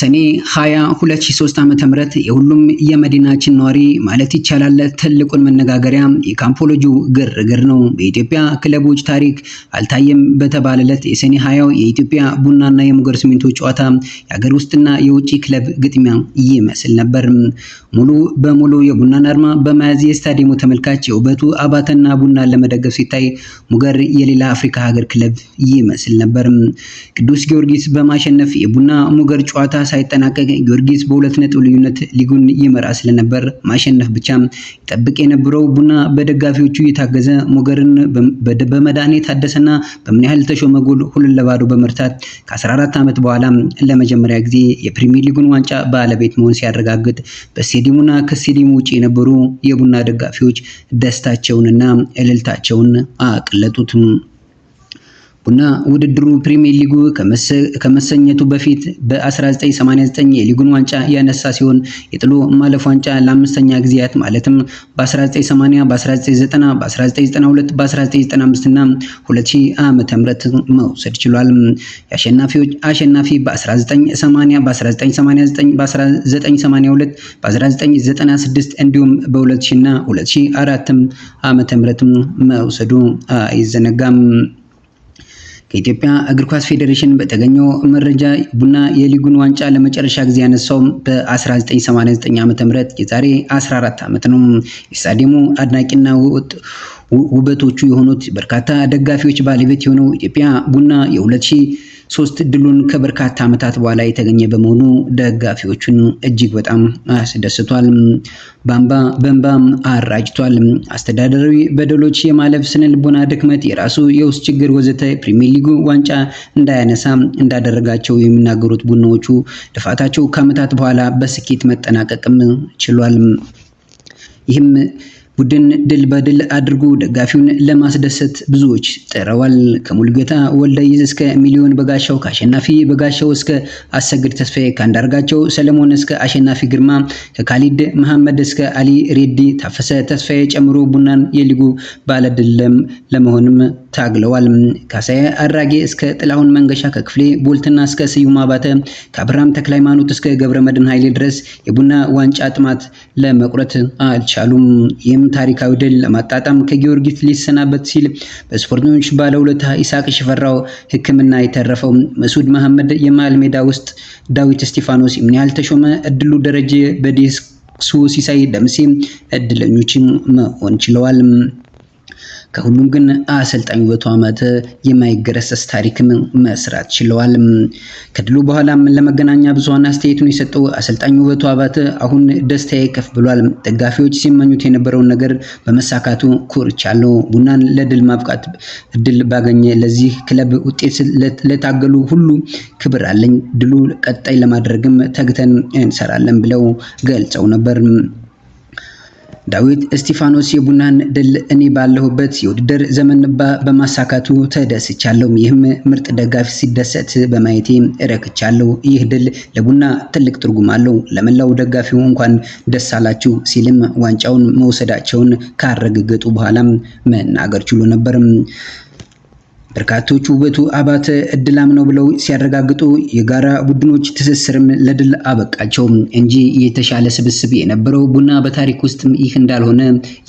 ሰኔ 20 2003 ዓ.ም የሁሉም የመዲናችን ነዋሪ ማለት ይቻላል ትልቁን መነጋገሪያ የካምፖሎጂው ግርግር ነው። በኢትዮጵያ ክለቦች ታሪክ አልታየም በተባለለት የሰኔ 20 የኢትዮጵያ ቡናና የሙገር ሲሚንቶ ጨዋታ የሀገር ውስጥና የውጭ ክለብ ግጥሚያ ይመስል ነበር። ሙሉ በሙሉ የቡናን አርማ በመያዝ የስታዲየሙ ተመልካች የውበቱ አባተና ቡናን ለመደገፍ ሲታይ ሙገር የሌላ አፍሪካ ሀገር ክለብ ይመስል ነበር። ቅዱስ ጊዮርጊስ በማሸነፍ የቡና ሙገር ጨዋታ ሳይጠናቀቅ ጊዮርጊስ በሁለት ነጥብ ልዩነት ሊጉን ይመራ ስለነበር ማሸነፍ ብቻ ይጠብቅ የነበረው ቡና በደጋፊዎቹ የታገዘ ሞገርን በመድኃኔ ታደሰና በምን ያህል ተሾመ ጎል ሁለት ለባዶ በመርታት ከ14 ዓመት በኋላ ለመጀመሪያ ጊዜ የፕሪሚየር ሊጉን ዋንጫ ባለቤት መሆን ሲያረጋግጥ በስቴዲየሙና ከስቴዲየሙ ውጭ የነበሩ የቡና ደጋፊዎች ደስታቸውንና እልልታቸውን አቅለጡትም። ቡና ውድድሩ ፕሪሚየር ሊጉ ከመሰኘቱ በፊት በ1989 የሊጉን ዋንጫ ያነሳ ሲሆን የጥሎ ማለፍ ዋንጫ ለአምስተኛ ጊዜያት ማለትም በ1980፣ በ1990፣ በ1992፣ በ1995 እና 2000 ዓ ም መውሰድ ችሏል። የአሸናፊዎች አሸናፊ በ1980፣ በ1989፣ በ1982፣ በ1996 እንዲሁም በ2000 እና 2004 ዓ ም መውሰዱ አይዘነጋም። ከኢትዮጵያ እግር ኳስ ፌዴሬሽን በተገኘው መረጃ ቡና የሊጉን ዋንጫ ለመጨረሻ ጊዜ ያነሳውም በ1989 ም የዛሬ 14 ዓመት ነው። የስታዲየሙ አድናቂና ውጥ ውበቶቹ የሆኑት በርካታ ደጋፊዎች ባለቤት የሆነው ኢትዮጵያ ቡና የ2000 ሶስት ድሉን ከበርካታ ዓመታት በኋላ የተገኘ በመሆኑ ደጋፊዎቹን እጅግ በጣም አስደስቷል። ባምባ በንባ አራጅቷል። አስተዳደራዊ በደሎች፣ የማለፍ ስነ ልቦና ድክመት፣ የራሱ የውስጥ ችግር ወዘተ ፕሪሚየር ሊጉ ዋንጫ እንዳያነሳ እንዳደረጋቸው የሚናገሩት ቡናዎቹ ልፋታቸው ከዓመታት በኋላ በስኬት መጠናቀቅም ችሏል። ይህም ቡድን ድል በድል አድርጎ ደጋፊውን ለማስደሰት ብዙዎች ጥረዋል። ከሙልጌታ ይዝ እስከ ሚሊዮን በጋሻው፣ ከአሸናፊ በጋሻው እስከ አሰግድ ተስፋዬ፣ ከአንዳርጋቸው ሰለሞን እስከ አሸናፊ ግርማ፣ ከካሊድ መሐመድ እስከ አሊ ሬዲ ታፈሰ ተስፋዬ ጨምሮ ቡናን የሊጉ ባለድል ለመሆንም ታግለዋል። ካሳዬ አራጌ እስከ ጥላሁን መንገሻ፣ ከክፍሌ ቦልትና እስከ ስዩም አባተ፣ ከአብርሃም ተክለ ሃይማኖት እስከ መድን ኃይሌ ድረስ የቡና ዋንጫ ጥማት ለመቁረት አልቻሉም። ይህም ታሪካዊ ድል ለማጣጣም ከጊዮርጊስ ሊሰናበት ሲል በስፖርተኞች ባለውለታ ኢሳቅ ሽፈራው ሕክምና የተረፈው መስዑድ መሐመድ የመሃል ሜዳ ውስጥ ዳዊት እስጢፋኖስ፣ ያህል ተሾመ፣ እድሉ ደረጀ፣ በዲስክ ሱ ሲሳይ ደምሴ እድለኞች መሆን ችለዋል። ከሁሉም ግን አሰልጣኝ ውበቱ ዓመት የማይገረሰስ ታሪክም መስራት ችለዋል። ከድሉ በኋላም ለመገናኛ ብዙኃን አስተያየቱን የሰጠው አሰልጣኝ ውበቱ አባተ አሁን ደስታዬ ከፍ ብሏል። ደጋፊዎች ሲመኙት የነበረውን ነገር በመሳካቱ ኮርቻለሁ። ቡናን ለድል ማብቃት እድል ባገኘ ለዚህ ክለብ ውጤት ለታገሉ ሁሉ ክብር አለኝ። ድሉ ቀጣይ ለማድረግም ተግተን እንሰራለን ብለው ገልጸው ነበር። ዳዊት እስጢፋኖስ የቡናን ድል እኔ ባለሁበት የውድድር ዘመን በማሳካቱ ተደስቻለሁ። ይህም ምርጥ ደጋፊ ሲደሰት በማየቴ እረክቻለሁ። ይህ ድል ለቡና ትልቅ ትርጉም አለው። ለመላው ደጋፊው እንኳን ደስ አላችሁ ሲልም ዋንጫውን መውሰዳቸውን ካረጋገጡ በኋላም መናገር ችሎ ነበርም። በርካቶቹ ውበቱ አባተ እድላም ነው ብለው ሲያረጋግጡ የጋራ ቡድኖች ትስስርም ለድል አበቃቸው እንጂ የተሻለ ስብስብ የነበረው ቡና በታሪክ ውስጥ ይህ እንዳልሆነ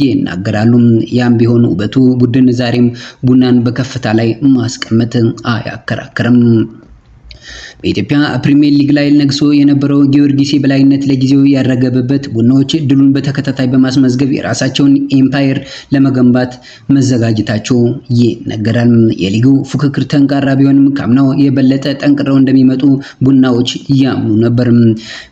ይናገራሉ። ያም ቢሆን ውበቱ ቡድን ዛሬም ቡናን በከፍታ ላይ ማስቀመጥ አያከራክርም። በኢትዮጵያ ፕሪሚየር ሊግ ላይ ነግሶ የነበረው ጊዮርጊስ የበላይነት ለጊዜው ያረገበበት፣ ቡናዎች ድሉን በተከታታይ በማስመዝገብ የራሳቸውን ኤምፓየር ለመገንባት መዘጋጀታቸው ይነገራል። የሊጉ ፉክክር ተንቃራ ቢሆንም ካምናው የበለጠ ጠንቅረው እንደሚመጡ ቡናዎች ያምኑ ነበር።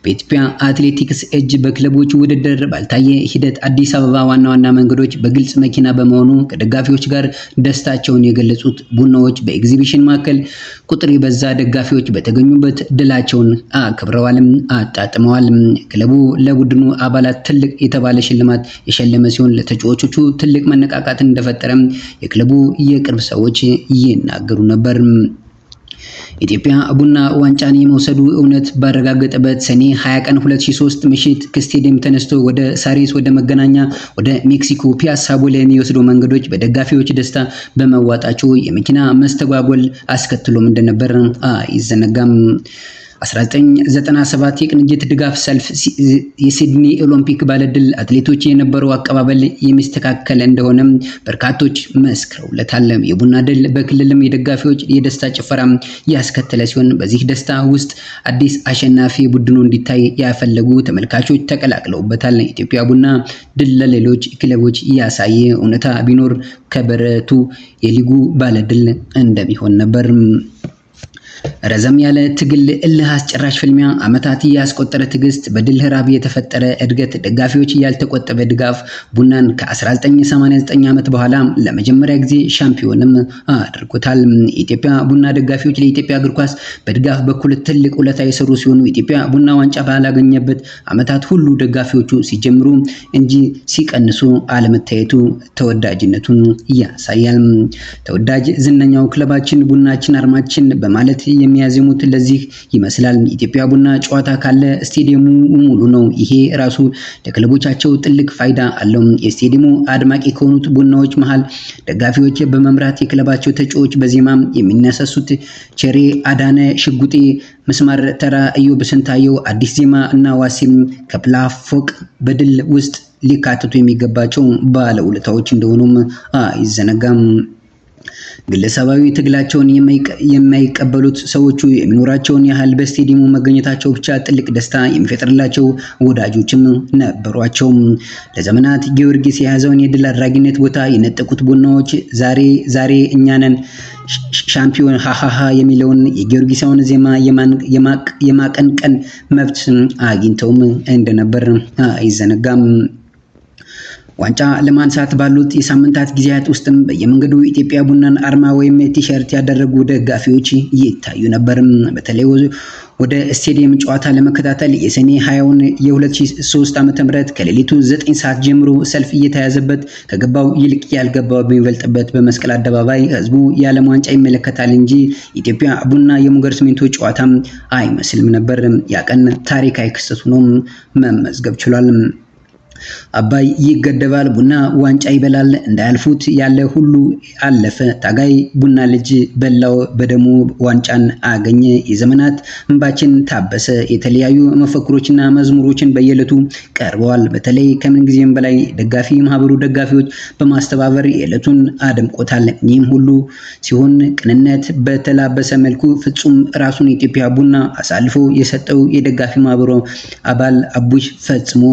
በኢትዮጵያ አትሌቲክስ እጅ በክለቦች ውድድር ባልታየ ሂደት አዲስ አበባ ዋና ዋና መንገዶች በግልጽ መኪና በመሆኑ ከደጋፊዎች ጋር ደስታቸውን የገለጹት ቡናዎች በኤግዚቢሽን ማዕከል ቁጥር የበዛ ደጋፊዎች ተጫዋቾች በተገኙበት ድላቸውን አክብረዋልም አጣጥመዋልም። ክለቡ ለቡድኑ አባላት ትልቅ የተባለ ሽልማት የሸለመ ሲሆን ለተጫዋቾቹ ትልቅ መነቃቃትን እንደፈጠረም የክለቡ የቅርብ ሰዎች ይናገሩ ነበር። ኢትዮጵያ ቡና ዋንጫን የመውሰዱ እውነት ባረጋገጠበት ሰኔ 20 ቀን 2003 ምሽት ከስቴዲየም ተነስቶ ወደ ሳሪስ፣ ወደ መገናኛ፣ ወደ ሜክሲኮ ፒያሳ ቦሌን የወሰዱ መንገዶች በደጋፊዎች ደስታ በመዋጣቸው የመኪና መስተጓጎል አስከትሎም እንደነበር አይዘነጋም። 1997 የቅንጅት ድጋፍ ሰልፍ የሲድኒ ኦሎምፒክ ባለድል አትሌቶች የነበረው አቀባበል የሚስተካከል እንደሆነም በርካቶች መስክረውለታል። የቡና ድል በክልልም የደጋፊዎች የደስታ ጭፈራ ያስከተለ ሲሆን በዚህ ደስታ ውስጥ አዲስ አሸናፊ ቡድኑ እንዲታይ ያፈለጉ ተመልካቾች ተቀላቅለውበታል። ኢትዮጵያ ቡና ድል ለሌሎች ክለቦች ያሳየ እውነታ ቢኖር ከበረቱ የሊጉ ባለድል እንደሚሆን ነበር። ረዘም ያለ ትግል፣ እልህ አስጨራሽ ፍልሚያ፣ ዓመታት ያስቆጠረ ትዕግስት፣ በድል ህራብ የተፈጠረ እድገት፣ ደጋፊዎች ያልተቆጠበ ድጋፍ ቡናን ከ1989 ዓመት በኋላ ለመጀመሪያ ጊዜ ሻምፒዮንም አድርጎታል። ኢትዮጵያ ቡና ደጋፊዎች ለኢትዮጵያ እግር ኳስ በድጋፍ በኩል ትልቅ ውለታ የሰሩ ሲሆኑ ኢትዮጵያ ቡና ዋንጫ ባላገኘበት ዓመታት ሁሉ ደጋፊዎቹ ሲጀምሩ እንጂ ሲቀንሱ አለመታየቱ ተወዳጅነቱን ያሳያል። ተወዳጅ ዝነኛው ክለባችን ቡናችን አርማችን በማለት የሚያዜሙት ለዚህ ይመስላል። ኢትዮጵያ ቡና ጨዋታ ካለ ስቴዲየሙ ሙሉ ነው። ይሄ ራሱ ለክለቦቻቸው ትልቅ ፋይዳ አለው። የስቴዲየሙ አድማቂ ከሆኑት ቡናዎች መሃል ደጋፊዎች በመምራት የክለባቸው ተጫዎች በዜማ የሚነሳሱት ቸሬ አዳነ፣ ሽጉጤ ምስማር ተራ፣ እዮብ ስንታየው፣ አዲስ ዜማ እና ዋሲም ከፕላ ፎቅ በድል ውስጥ ሊካተቱ የሚገባቸው ባለውለታዎች እንደሆኑም አይዘነጋም። ግለሰባዊ ትግላቸውን የማይቀበሉት ሰዎቹ የሚኖራቸውን ያህል በስቴዲየሙ መገኘታቸው ብቻ ትልቅ ደስታ የሚፈጥርላቸው ወዳጆችም ነበሯቸው። ለዘመናት ጊዮርጊስ የያዘውን የድል አድራጊነት ቦታ የነጠቁት ቡናዎች ዛሬ ዛሬ እኛንን ሻምፒዮን ሃሃሃ የሚለውን የጊዮርጊሳውን ዜማ የማቀንቀን መብት አግኝተውም እንደነበር አይዘነጋም። ዋንጫ ለማንሳት ባሉት የሳምንታት ጊዜያት ውስጥም በየመንገዱ ኢትዮጵያ ቡናን አርማ ወይም ቲሸርት ያደረጉ ደጋፊዎች እየታዩ ነበርም። በተለይ ወደ ስቴዲየም ጨዋታ ለመከታተል የሰኔ 20ን የ2003 ዓ.ም ከሌሊቱ 9 ሰዓት ጀምሮ ሰልፍ እየተያዘበት ከገባው ይልቅ ያልገባው በሚበልጥበት በመስቀል አደባባይ ህዝቡ የዓለም ዋንጫ ይመለከታል እንጂ ኢትዮጵያ ቡና የሙገር ሲሚንቶ ጨዋታም አይመስልም ነበር። ያቀን ታሪካዊ ክስተት ሆኖ መመዝገብ ችሏል። አባይ ይገደባል፣ ቡና ዋንጫ ይበላል፣ እንዳያልፉት ያለ ሁሉ አለፈ። ታጋይ ቡና ልጅ በላው በደሙ ዋንጫን አገኘ። የዘመናት እንባችን ታበሰ። የተለያዩ መፈክሮችና መዝሙሮችን በየዕለቱ ቀርበዋል። በተለይ ከምንጊዜም በላይ ደጋፊ ማህበሩ ደጋፊዎች በማስተባበር የዕለቱን አድምቆታል። ይህም ሁሉ ሲሆን ቅንነት በተላበሰ መልኩ ፍጹም ራሱን ኢትዮጵያ ቡና አሳልፎ የሰጠው የደጋፊ ማህበሩ አባል አቡሽ ፈጽሞ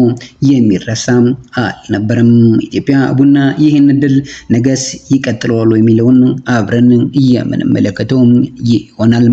የሚረሳ የሚረሳም አልነበረም። ኢትዮጵያ ቡና ይህን ድል ነገስ ይቀጥለዋል የሚለውን አብረን የምንመለከተው ይሆናል።